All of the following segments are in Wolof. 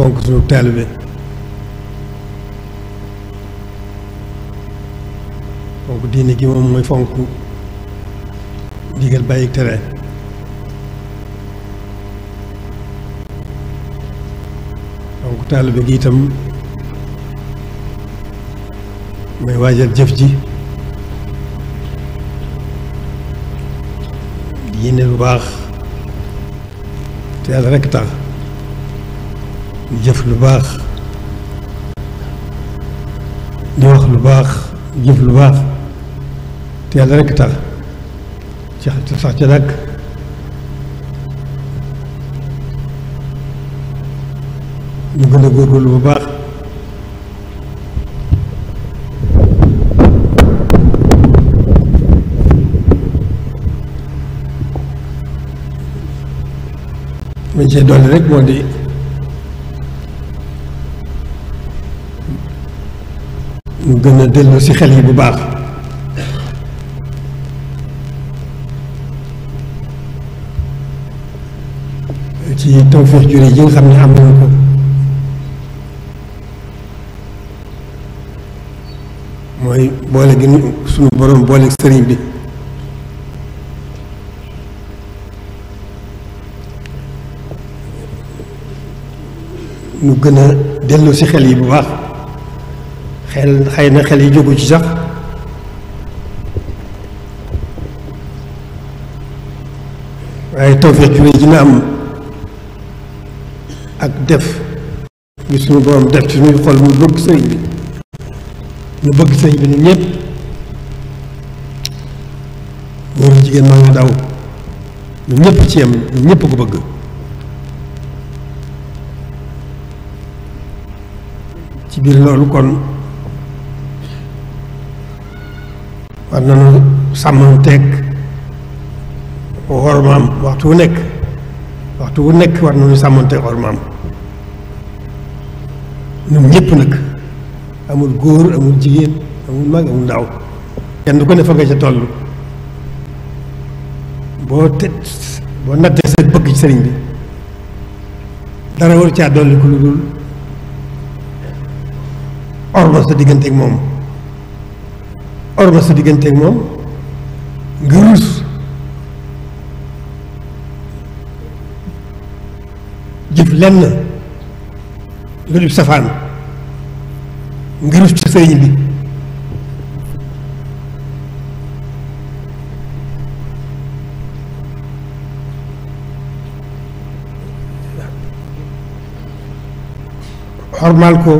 fonk suñu taalibe fonk diine gi moom mooy fonk digal bàyyi tere fonk taalibe gi itam mooy waajal jëf ji di yéene bu baax te yàlla rekk tax jëf lu baax di wax lu baax jëf lu baax te yàlla rekk tax ci sax ci dàkk ñu gën a góorgóorlu bu baax mañ cee dolli rek moo di gën a dellu ci xel yi bu baax ci tawféex jure yi nga xam ne am nañu ko mooy boole gi suñu boroom boole sëriñ bi nu gën a dellu ci xel yi bu baax xel xëy na xel yi jógu ci sax waaye tawfeex ju dina am ak def ñu suñu borom def ci suñuy xol mu bëgg sëñ bi ñu bëgg sëñ bi ni ñëpp góor jigéen maa nga daw ñu ñëpp ci yem ñu ñëpp ko bëgg ci biir loolu kon war nañu sàmmanteeg wormaam waxtu wu nekk waxtu wu nekk war nañu sàmmanteeg wormaam ñun ñëpp nag amul góor amul jigéen amul mag amul ndaw kenn ku ne fa nga ca toll boo te boo nattee sa bëgg ci sëriñ bi dara war caa dolli ku lu dul orma sa digganteeg moom orma sa digganteeg moom nga ruus lenn lu dul safaan nga ruus ci sëriñ bi xormaal ko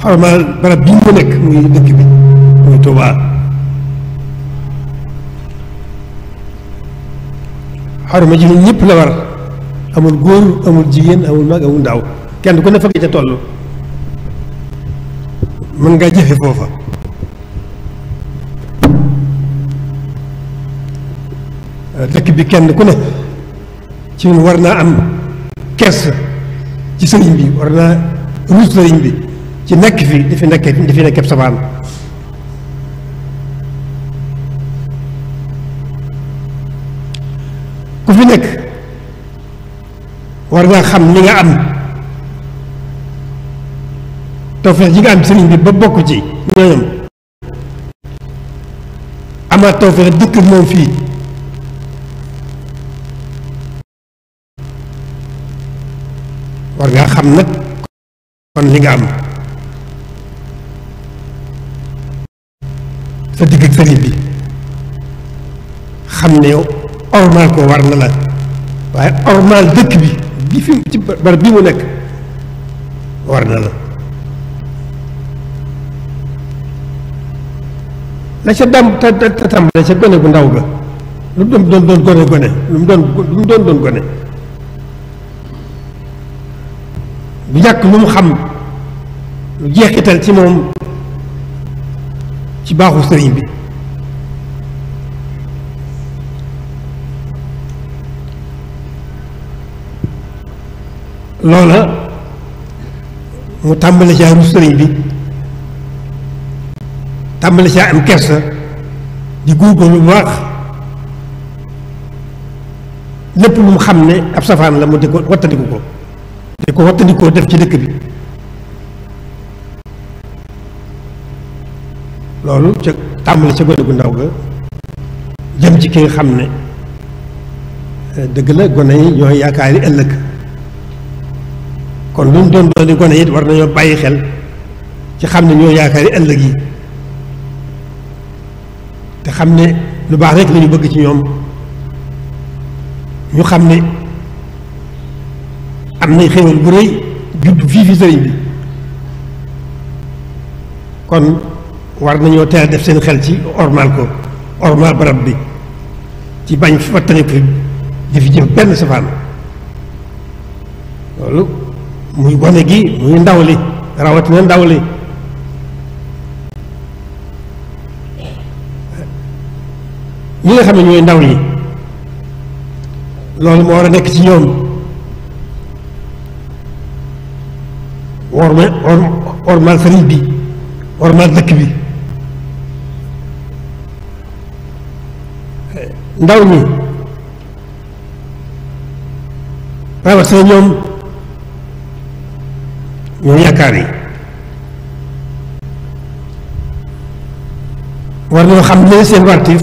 xormaal barab bii mu nekk muy dëkk bi muy Tuubaa xorma ji ñëpp la war amul góor amul jigéen amul mag amul ndaw kenn ku ne fekk ca toll mën ngaa jëfe foofa dëkk bi kenn ku ne ci ñun war naa am kers ci sëriñ bi war naa ruus sëriñ bi ci nekk fi di fi nekk di fi nekk sabaan ku fi nekk war nga xam li nga am tawfeex ji nga am sëriñ bi ba bokk ci ñooñam amaat tawfeex dëkk moom fii war nga xam nag kon li nga am sa digg ak bi xam ne ormal ko war na la waaye ormal dëkk bi bi fi ci bi mu nekk war na la la ca dam ta ta tàmbale ca gone gu ndaw ba lu mu doon doon gone gone lu mu doon lu mu doon doon gone bu yàq lu mu xam lu jeexital ci moom ci baaxu sëriñ bi loola mu tàmbali caa rus sëriñ bi tàmbali caa am kersa di góorgóorlu bu baax lépp lu mu xam ne ab safaan la mu di ko wattandiku ko di ko wattandikoo def ci dëkk bi loolu ca tàmbali ca gone gu ndaw ga jëm ci ki nga xam ne euh, dëgg la gone yi ñooy yaakaar yi ëllëg kon lu mu doon doon gone yi war nañoo bàyyi xel ci xam ne ñoo yaakaar ëllëg yi te xam ne lu baax rek la bëgg ci ñoom ñu xam ne am na xéwal bu rëy judd fii fi sëriñ bi kon war nañoo teel def seen xel ci ormal ko ormal barab bi ci bañ fàttaliku di fi jëf benn safaan muy gone gi muy ndaw li rawatina ndaw li ñi nga xam ne ñooy ndaw yi loolu moo war a nekk ci ñoom ormal ormal sëriñ bi ormal dëkk bi ndaw ñi rawatina ñoom ñoom yaakaar yi war nañoo xam ne seen wartiif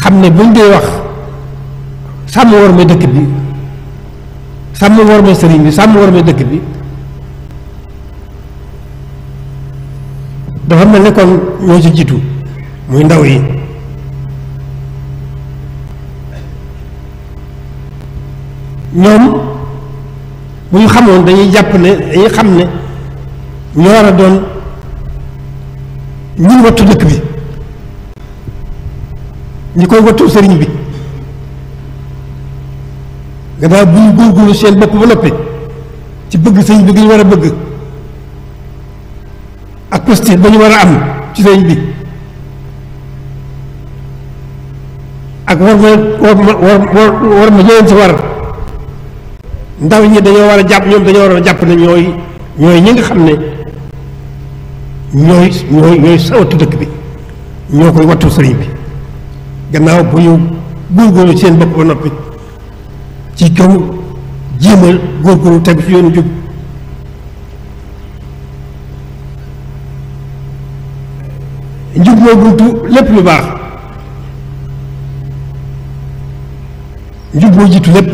xam ne buñ dee wax sàmm war ma dëkk bi sàmm war ma sëriñ bi sàmm war ma dëkk bi dafa mel ne kon ñoo ci jiitu muy ndaw yi ñoom bu ñu xamoon dañuy jàpp ne dañuy xam ne ñoo war a doon ñun wattu dëkk bi ñi koy wattu sëriñ bi gannaaw bu ñu góorgóorlu seen bopp ba noppi ci bëgg sëriñ bi gi ñu war a bëgg ak prestige ba ñu war a am ci sëriñ bi ak war ma war ma war war ma jëleen si war ndaw ñi dañoo war a jàpp ñoom dañoo war a jàpp ne ñooy ñi nga xam ne ñooy ñooy sawatu dëkk bi ñoo koy wattu sëriñ bi gannaaw bu ñu góorgóorlu seen bopp ba noppi ci kaw jéemal góorgóorlu tegu ci yoonu jub njub mooy buntu lépp lu baax njub mooy jiitu lépp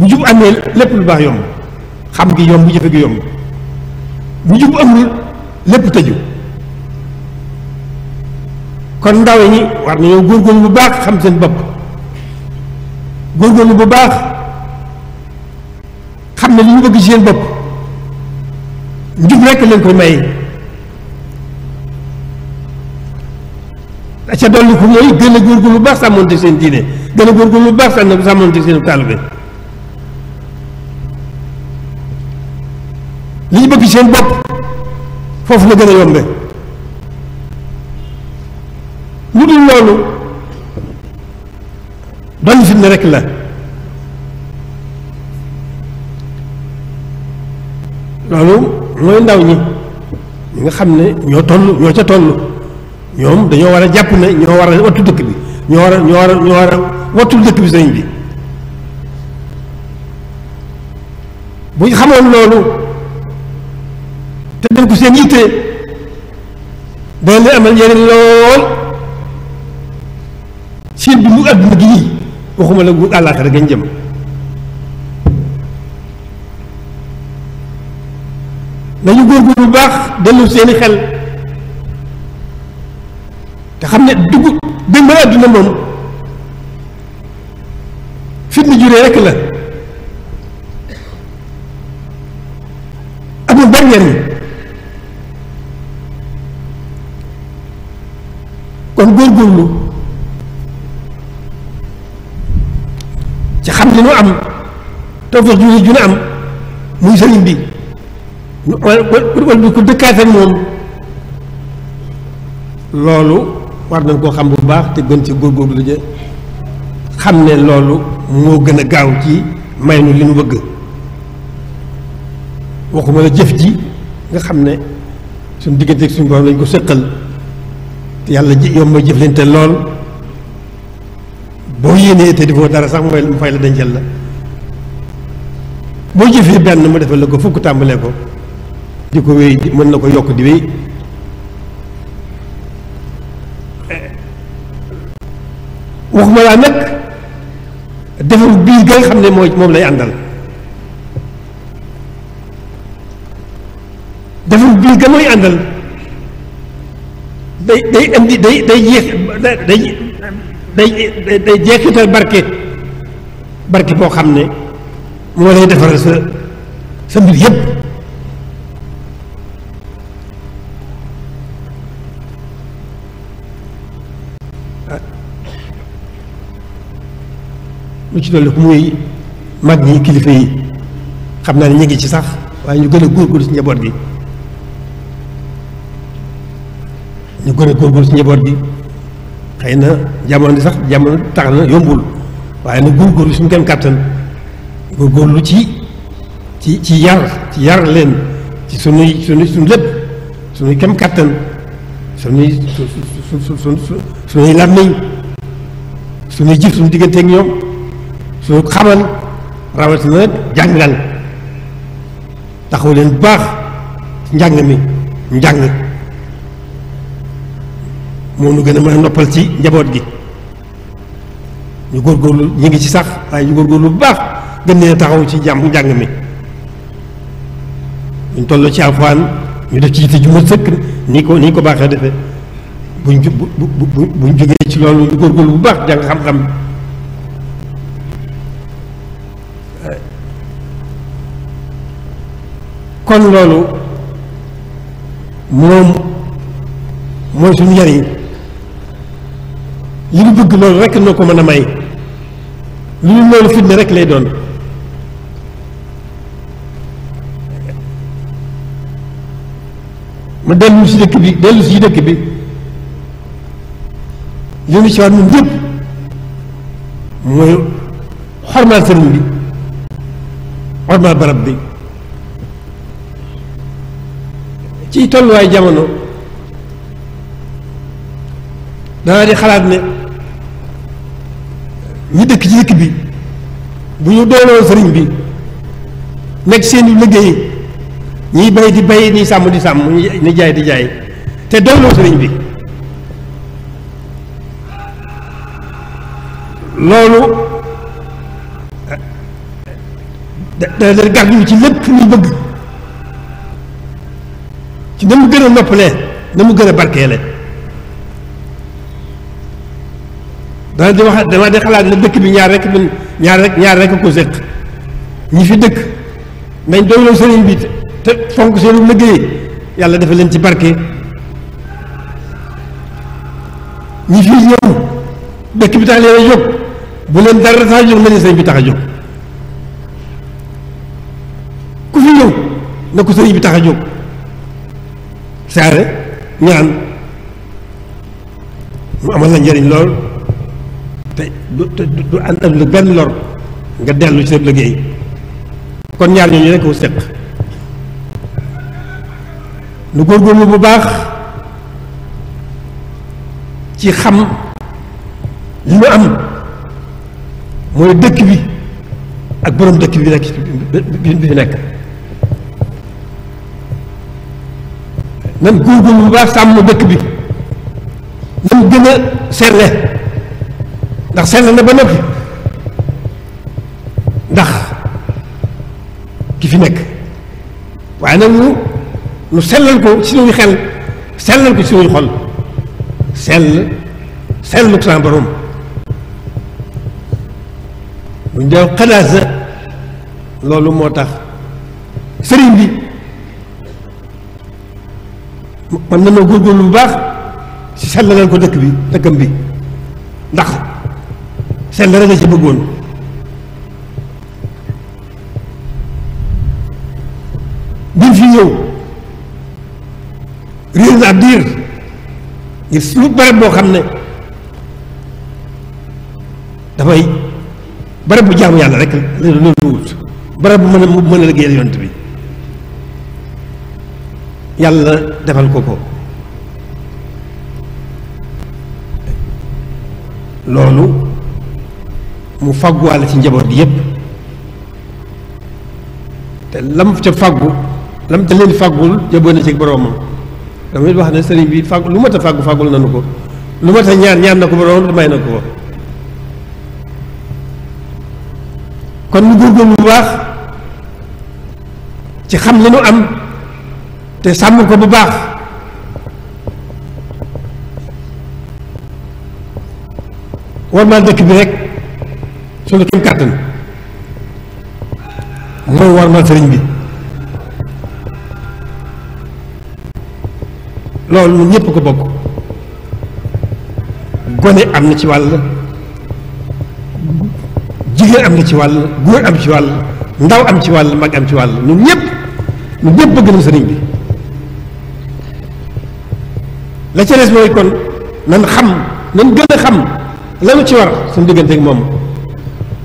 bu jub amee lépp lu baax yomb xam gi yomb bu jëfe gi yomb bu jub amul lépp tëju kon ndaw ñi war nañoo góorgóorlu bu baax xam seen bopp góorgóorlu bu baax xam ne li ñu bëgg ci seen bopp njub rekk lañ koy may ca dolli ko mooy gën a góorgóorlu bu baax sàmmoonte seen diine gën a góorgóorlu bu baax sàmmoonte seen taalibe li ñu bëgg seen bopp foofu la gën a yombe lu dul loolu doon fitna rek la loolu mooy ndaw ñi ñi nga xam ne ñoo toll ñoo ca toll ñoom dañoo war a jàpp ne ñoo war a wattu dëkk bi ñoo war a ñoo war a wattul dëkk bi sëñ bi bu ñu xamoon loolu te def ko seen yitte dana leen amal njëriñ lool seen dundu àdduna gi nii waxuma la wut àllaaxira gañ jëm nañu góorgóorlu bu baax dellu seeni xel te xam ne dugg dëngal àdduna moom fitna juree rekk la amul benn njëriñ kon góorgóorlu ci xam li nu am tawfeex ju ju nu am muy sëriñ bi wala wala bi ku dëkkaate moom loolu war nañ koo xam bu baax te gën ci góorgóorlu ja xam ne loolu moo gën a gaaw ci may nu li nu bëgg waxuma la jëf ji nga xam ne suñ diggante ak suñu borom lañ ko sëqal yàlla ji yomb a jëflante lool boo yéenee te defoo dara sax mooy mu fay la dencal la boo jëfee benn mu defal la ko fukk tàmbalee ko di ko wéy mën na ko yokk di wéy waxuma laa nag defar biir ga xam ne mooy moom lay àndal defar biir ga mooy àndal day day indi day day jeex day day day jeexital barke barke boo xam ne moo lay defaral sa sa mbir yépp lu ci dolli ku muy mag ñi kilifa yi xam naa ne ñu ngi ci sax waaye ñu gën a góorgóorlu ci njaboot gi ñu gën a góorgóorlu ci njaboot bi xëy na jamono di sax jamono tax na yombul waaye nag góorgóorlu suñu kenn kàttan lu ci ci ci yar ci yar leen ci sunuy sunuy suñu lépp suñu kem kàttan sunuy su su su su sunuy làmmiñ sunuy jëf suñu digganteeg ñoom suñu xamal rawatina nag jàngal taxaw leen bu baax njàng mi njàng. moo nu gën a mën a noppal ci njaboot gi ñu góorgóorlu ñu ngi ci sax waaye ñu góorgóorlu bu baax gën leen taxaw ci jàmm njàng mi buñ toll ci alxuraan ñu def ci yitte ju sëkk ni ko ni ko baaxee defee buñ ju bu bu buñ jógee ci loolu ñu góorgóorlu bu baax jàng xam-xam kon loolu moom mooy suñu njariñ li ñu bëgg loolu rek noo ko mën a may lu ñu loolu fitna rek lay doon ma dellu si dëkk bi dellu dëkk bi li ñu ci war ñun ñëpp mooy xormaal sëriñ bi xormaal barab bi ci tolluwaay jamono danaa di xalaat ne ñi dëkk ci dëkk bi bu ñu doonoo sëriñ bi nekk seenu liggéey ñiy bay di bay ni sàmm di sàmm ni nijaay di jaay te doonoo sëriñ bi loolu da da gàddu ci lépp lu bëgg ci na gën a noppalee na mu gën a barkeele dana di wax dana de xalaat ne dëkk bi ñaar rek mën ñaar rek ñaar rek ko séq ñi fi dëkk nañ doyloo sëriñ bi te fonk seenu liggéey yàlla dafa leen ci barke ñi fi ñëw dëkk bi tax leen a jóg bu leen dara tax a jóg na leen sëriñ bi tax a jóg ku fi ñëw na ko sëriñ bi tax a jóg saare ñaan mu amal la njëriñ lool te du te du ànd lu benn lor nga dellu ci sa liggéey kon ñaar ñooñu rekk ko séq nu góorgóorlu bu baax ci xam li mu am mooy dëkk bi ak boroom dëkk bi nekk bi fi nekk nan góorgóorlu bu baax sàmm dëkk bi nan gën a seetle ndax sell na ba noppi ndax ki fi nekk waaye nag ñu ñu sellal ko xel sellal ko ci suñuy xol sell sell ko sama borom bu ñu dee xalaat loolu moo tax sëriñ bi mën na noo góorgóorlu baax ci ko dëkk bi dëkkam bi ndax sell rek la ci bëggoon bii fi ñëw réer na ab diir gis lu barab boo xam ne dafay barab bu jaamu yàlla rek la loolu wut barab bu mën a mën a liggéeyal yont bi yàlla defal ko ko loolu mu fàgguwaale ci njaboot gi yépp te lam ca fàggu lam ca leen fàggul jëboo na ci boroomam dama it wax ne sëriñ bi fàggu lu mat a fàggu fàggul nanu ko lu mat a ñaan ñaan na ko boroomam may na ko ko kon nu góorgóorlu bu baax ci xam li nu am te sàmm ko bu baax war maa dëkk bi rekk suñu kéem kàttan loolu war na sëriñ bi loolu ñun ñëpp ko bokk gone am na ci wàll jigéen am na ci wàll góor am ci wàll ndaw am ci wàll mag am ci wàll ñun ñëpp ñun ñëpp bëgg nañu sëriñ bi la ca des mooy kon nan xam nan gën a xam lanu ci war suñu diggante ak moom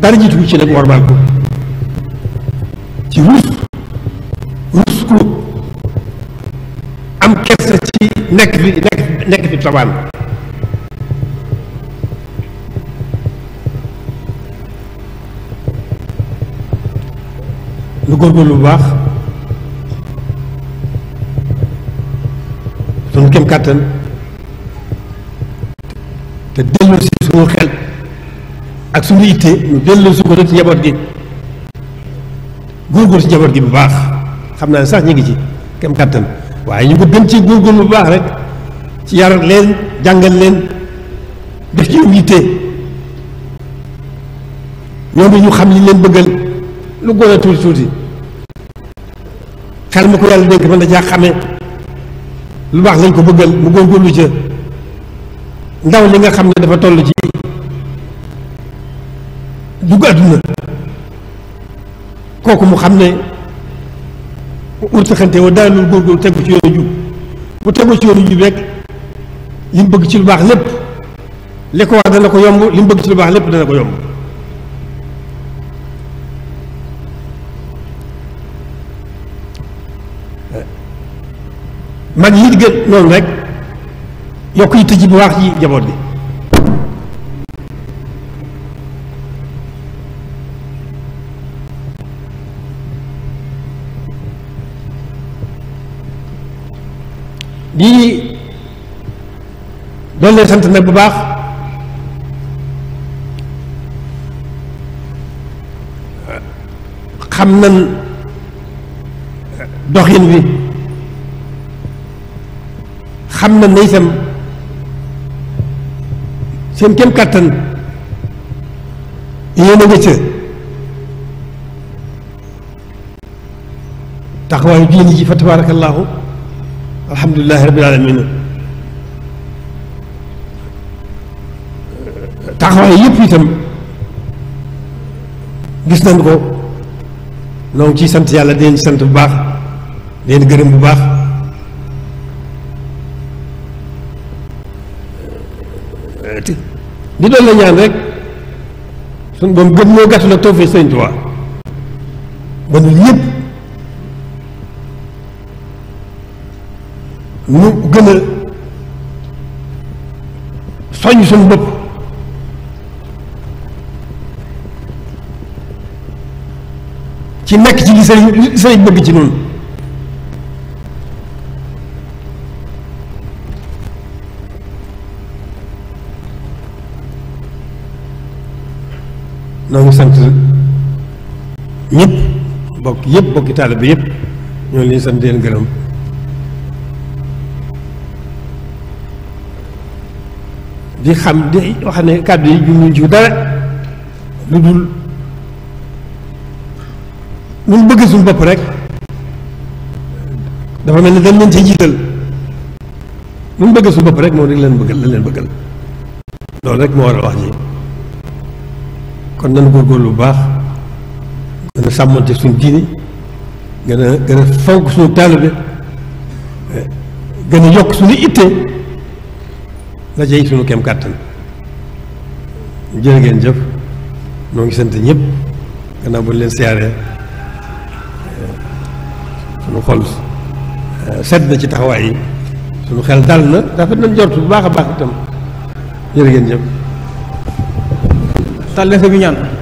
dara jiitugu ci nag war maal ko ci rus rus ko am kersa ci nekk fi nekk nekk fi tobaan lu góorgóorlu bu baax suñu kem kàttan te dellu si xel ak suñu yittee ñu dellu su ko rek ci njaboot gi góorgóorlu ci njaboot gi bu baax xam naa ne sax ñu ngi ci kem kàttan waaye ñu ko gën ci góorgóorlu lu baax rek ci yar leen jàngal leen def ci yittee ñoom bi ñu xam li leen bëggal lu gën a tuuti tuuti xel ma ko yàlla dénk mën na jaa xamee lu baax lañ ko bëggal mu lu ca ndaw li nga xam ne dafa toll ci dugg àdduna kooku mu xam ne wërtaxante wa daanul góorgóorlu tegu ci yoonu jub bu tegu ci yoonu jub rek li mu bëgg ci lu baax lépp li ko wax dana ko yomb li mu bëgg ci lu baax lépp dana ko yomb mag yi gën noonu rek yokk yi tëj bu baax ci jaboot bi di doon leen sant nag bu baax xam nan doxin wi xam nan na itam seen kem kàttan yéen a nga ca taxawaayu diine ji fa tabaarakallaahu alhamdulilahi rabbil alamin taxawaay yëpp itam gis nañ ko noonu ciy sant yàlla di leen sant bu baax di leen gërëm bu baax di doon la ñaan rek sun boom gën ñoo gàttu la tawfeex Sëriñ Tuubaa ba ñun ñëpp ñu gën soññ suñu bopp ci nekk ci li sëriñ li sëriñ bëgg ci noonu noo ngi sant ñëpp bokk yëpp bokki taalibe bi ñoo leen sant leen gërëm di xam di wax ne kàddu yi jubluñ ci dara lu dul lu bëgg suñu bopp rek dafa mel ni dañ leen ci jiital lu mu bëgg suñu bopp rek moom rek leen bëggal la leen bëggal loolu rek moo war a wax ji kon nañu góorgóorlu bu baax gën a sàmmante suñu diini gën a gën a fonk suñu taalibe gën a yokk suñu ittee la jey suñu kem kàttan jërë ngeen jëf noo ngi sant ñëpp gannaaw bu leen siyaaree eh, suñu xol eh, sedd na ci taxawaay yi suñu xel dal na rafet nañ jortu bu baax a baax itam jërë ngeen jëf tàllee bi ñaan